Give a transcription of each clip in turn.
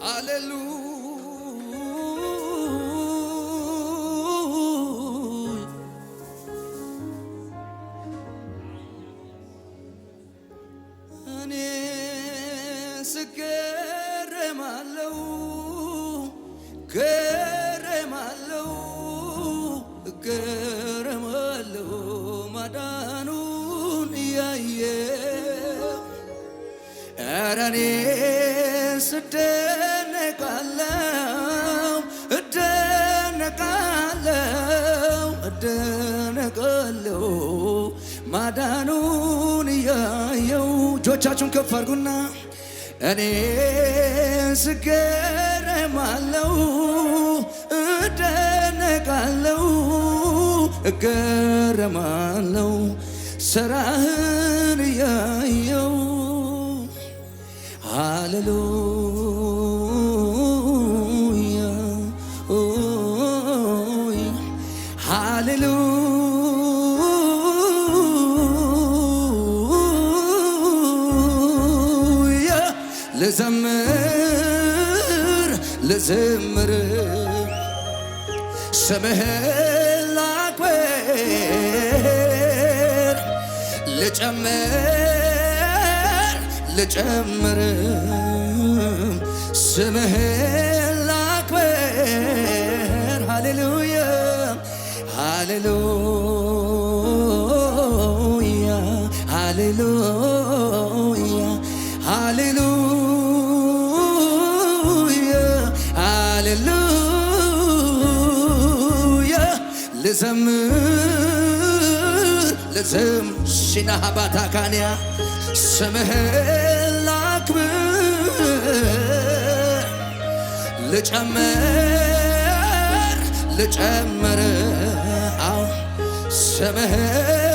Hallelujah. እደነቃለሁ ማዳኑን እያየው። እጆቻችሁን ከፍ አድርጉና እኔ ስገረማለሁ፣ እደነቃለሁ፣ እገረማለሁ ስራህን እያየው ሃሌሉያ ልዘምር ልዘምር ስምህን ላክብር ልጨምር ልጨምር ስምህን ላክብር ሃሌሉያ ሃሌሉያ ሃሌሉያ ሃሌሉያ ሃሌሉያ ልዘምር ልዘምር ሽናሃባታ ካንያ ስምህን ላክብር ልጨምር ልጨምር ስምህን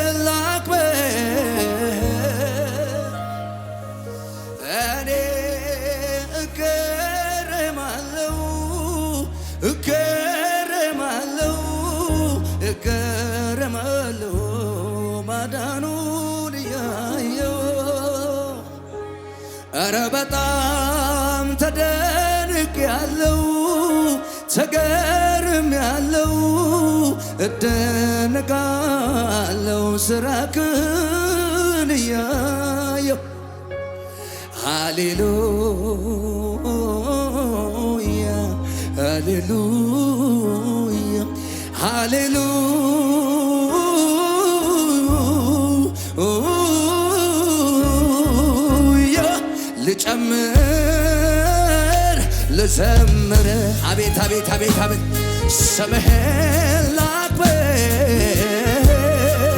እገረማለሁ ማዳኑን እያየው እረ በጣም ተደንቄያለሁ ያለው እደነቃለሁ ስራህን እያየሁ ሃሌሉያ ሃሌሉያ ሃሌሉያ ልጨምር ልዘምር አቤት አቤት አቤት አቤት ስምህን ላክብር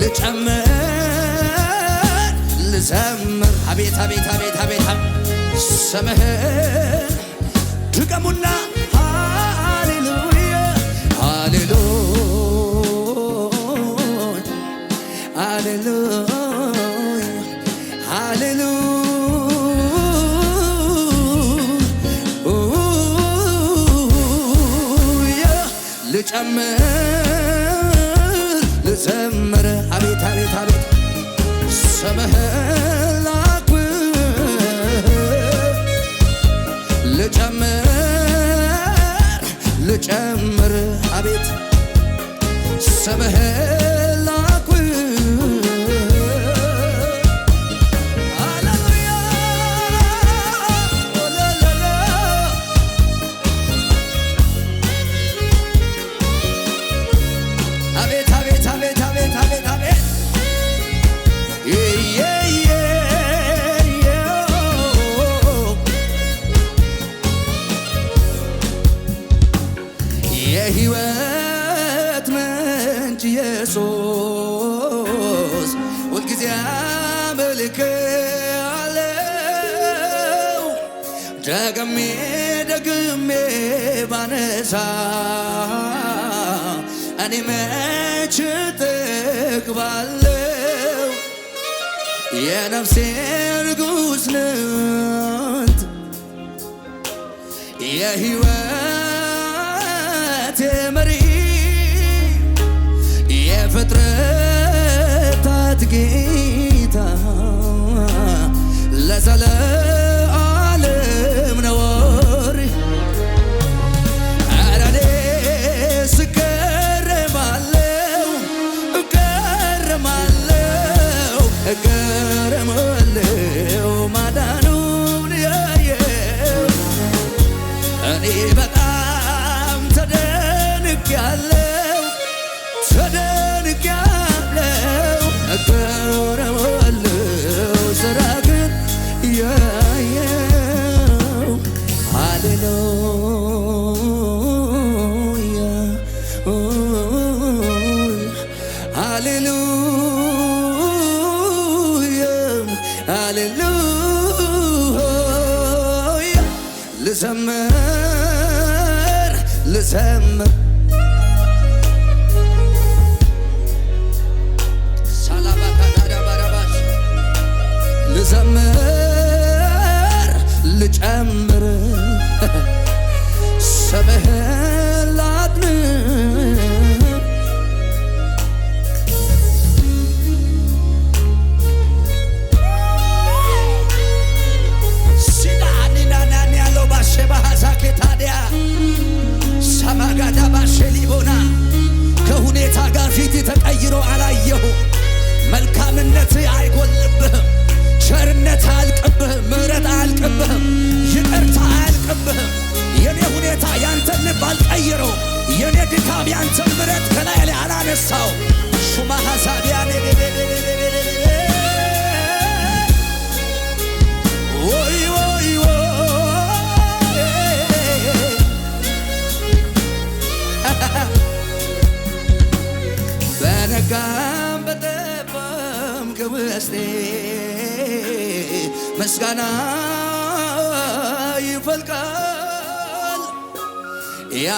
ልጨምር ልዘምር አቤት አቤት አቤት አቤት ስምህን ድገሙና ሃሌሉያ ሃሌሉ ሃሌሉ ልጨምር ልዘምር አቤት አቤት አቤት ስምህን ልጨምር ልጨምር አቤት ደጋግሜ ደግሜ ባነሳ እኔ መች ጥግባለው የነፍሴ ንጉሥ ንት የሕይወቴ መሪ የፍጥረታት ጌታ ለዘለ κι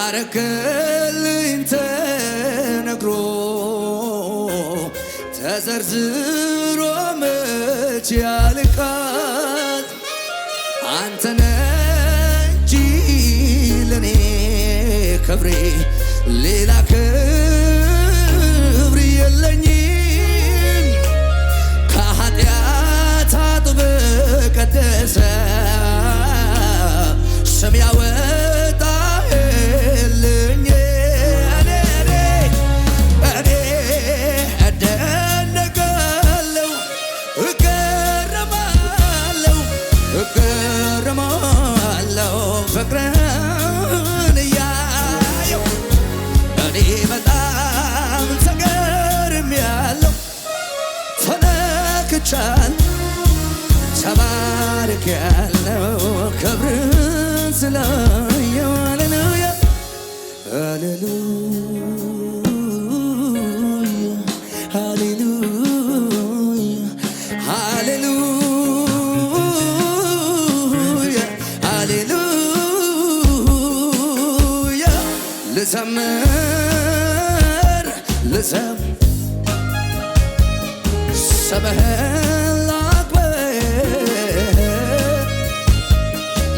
እንዳረገልኝ ተነግሮ ተዘርዝሮ መች ያልቃል። አንተነ እንጂ ለኔ ክብሬ ሌላ ክብር የለኝም። ከኃጢአት አጥብ ቀደሰ ስም ያወ ልዘምር ልዘም ስምህን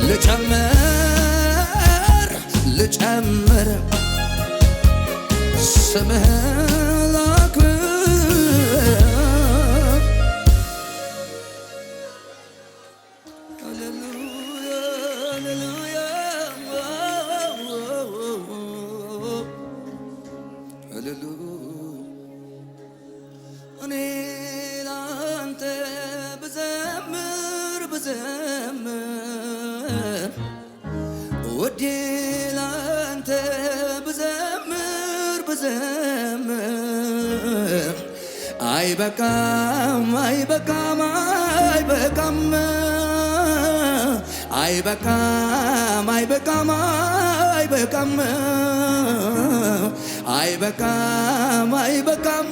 ልጨምር ልጨምር ስምህን አትጥልሉኝ እኔ ላንተ ብዘምር ብዘምር ወዴ ላንተ ብዘምር ብዘምር አይበቃም አይበቃም አይበቃም አይበቃም አይበቃም አይበቃም አይበቃም አይበቃም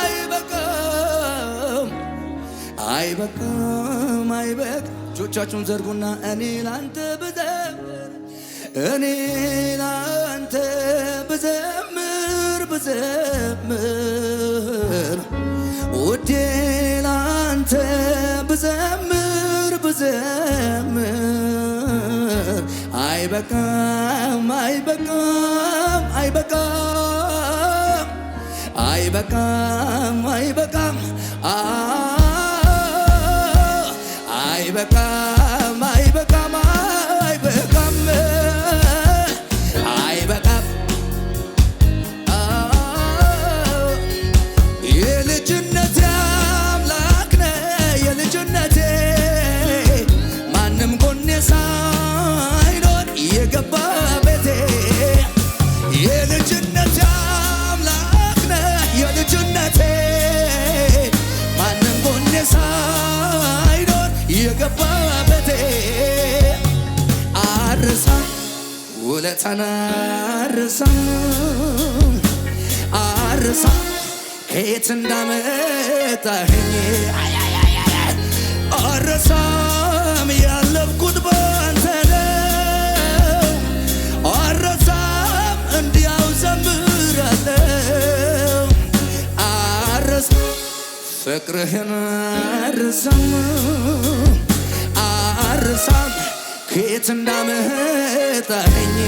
አይበቃም አይበቃም አይበቃም። እጆቻችሁን ዘርጉና እኔ ላንተ ብዘምር እኔ ላንተ ብዘምር ብዘምር ውዴ ላንተ ብዘምር ብዘምር አይበቃም አይበቃም አይበቃም አይበቃም አይበቃም አይበቃም ሳነሳ ከየት እንዳመጣኸኝ አረሳም ያለፍኩት ባንተ ነው አረሳም እንዲያው ዘምራለው አረሳ ፍቅርህን አረሳም አረሳም ከየት እንዳመጣኸኝ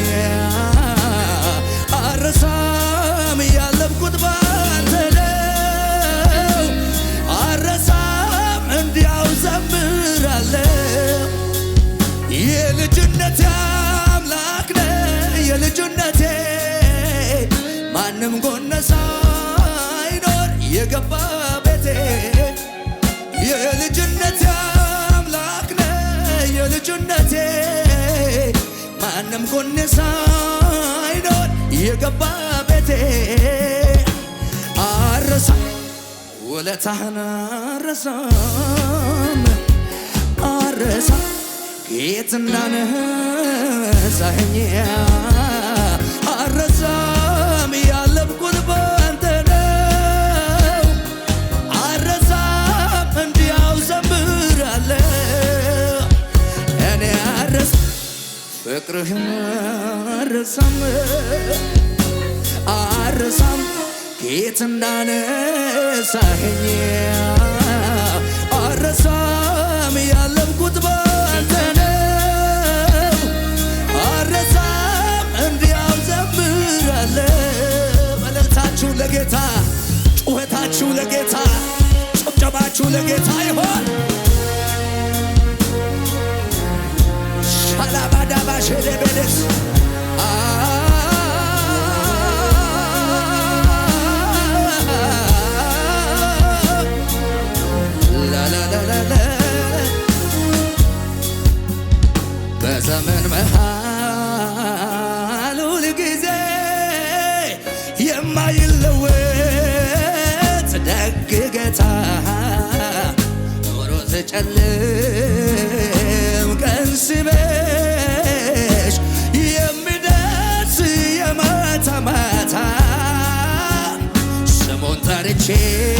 አረሳም የገባ ቤቴ የልጅነቴ አምላክ ነ የልጅነቴ ማንም ጎኔ ሳይኖር የገባ ቤቴ አረሳ ውለታህን አረሳም አረሳ ጌትናንህ ሳህኛ ፍቅርህን አረሳም አረሳም ከየት እንዳነሳኸኝ አረሳም ያለብኩት ባንተ ነው አረሳም እንዲያው ዘምራለሁ መልእክታችሁ ለጌታ ጩኸታችሁ ለጌታ ጭብጨባችሁ ለጌታ ይሆን ሸደበደስ በዘመን መሃል ሁል ጊዜ የማይለወጥ ደግ ጌታ ኖሮ ስጨልም a chance.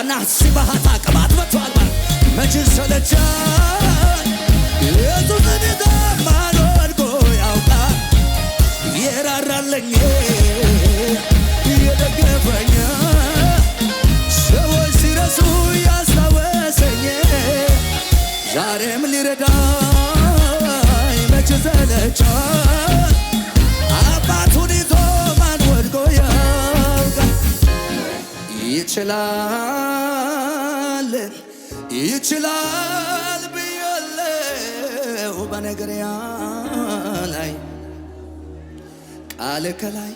ቃና ሲባሃታ ቅባት መጥቶ አግባት መች ሰለቻል የቱንን ተማሎ ያውቃል የራራለኝ የደገፈኛ ሰዎች ሲረሱ ያስታወሰኝ ዛሬም ሊረዳኝ መች ሰለቻል አባቱን ይዞ ማን ያውቃል ይችላል እንችላለን ይችላል ብያለው በነገሪያ ላይ ቃል ከላይ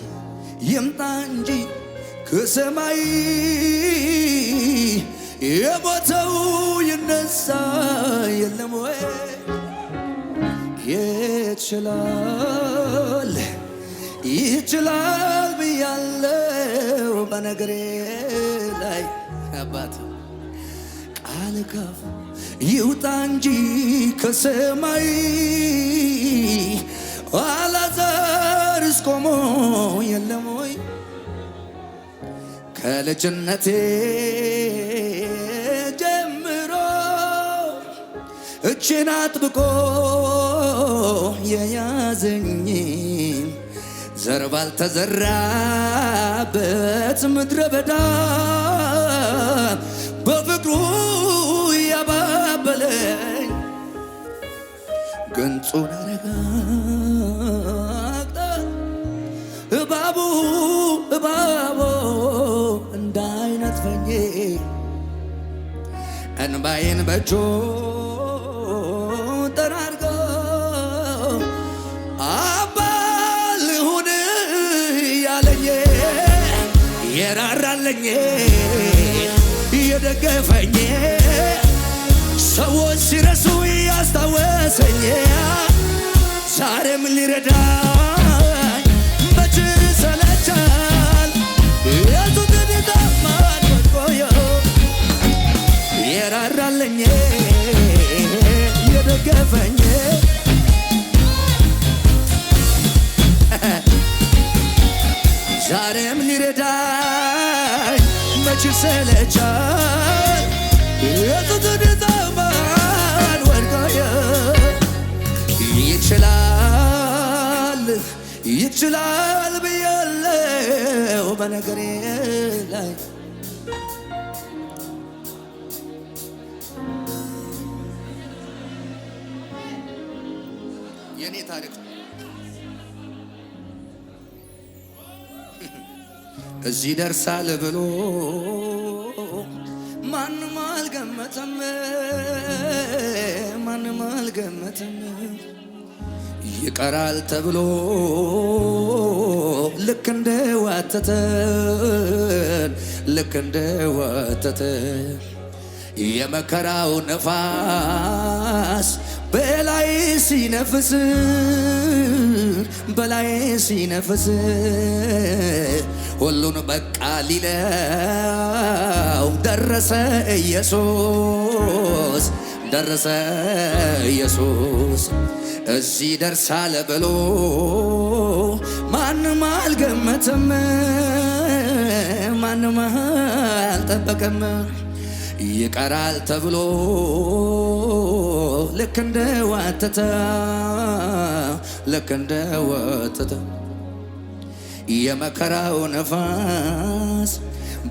ይምጣ እንጂ ከሰማይ የሞተው ይነሳ የለም ወይ ይችላል ይችላል ብያለው በነገሬ ላይ አባት አልጋፍ ይውጣ እንጂ ከሰማይ አላዛርስ ቆሞ የለም ወይ ከልጅነቴ ጀምሮ እችን አጥብቆ የያዘኝ ዘር ባልተዘራበት ምድረ በዳ ገንጹን ረጋግጠ እባቡ እባቦ እንዳይነጥፈኝ እንባዬን በእጆ ጠራርጎ አባል ልሁን ያለኝ የራራለኝ የደገፈኝ ሰዎች ሲረሱ ያስታወሰኝ ዛሬም ሊረዳኝ ሰለቻል የቱትን መቆየ የራራለኝ የደገፈኝ ዛሬም ሊረዳኝ ሰለቻል የቱትን ይችላል ብያለው በነገሬ ላይ የኔ ታሪክ እዚህ ደርሳል ብሎ ማንም አልገመተም፣ ማንም አልገመተም። يقرال تبلو لك اندى واتتن لك يا مكراو نفاس بلاي نفس بلاي نفس ولون بقى ليلا درس يسوس درس يسوس እዚህ ደርሳለ ብሎ ማንም አልገመተም ማንም አልጠበቀም። ይቀራል ተብሎ ልክ እንደ ዋተተ ልክ እንደ ወተተ የመከራው ነፋስ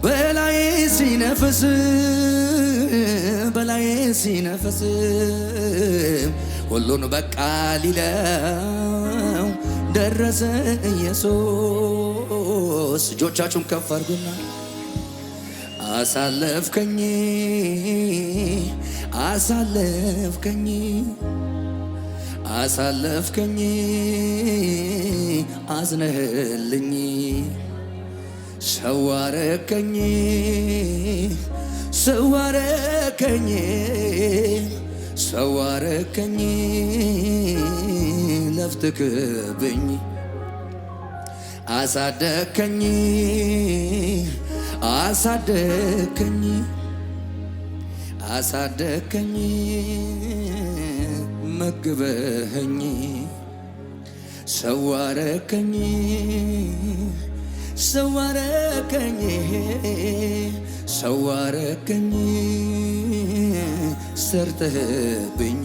በላይ ሲነፍስ በላይ ሲነፍስ ሁሉን በቃ ሊለው ደረሰ ኢየሱስ። እጆቻችሁን ከፍ አድርጉና አሳለፍከኝ አሳለፍከኝ አሳለፍከኝ አዝነህልኝ ሰዋረከኝ ሰዋረከኝ ሰው አረከኝ ለፍትክብኝ አሳደከኝ አሳደከኝ አሳደከኝ መግበኸኝ ሰው አረከኝ ሰው አረከኝ ሰው አረከኝ ሰርተህብኝ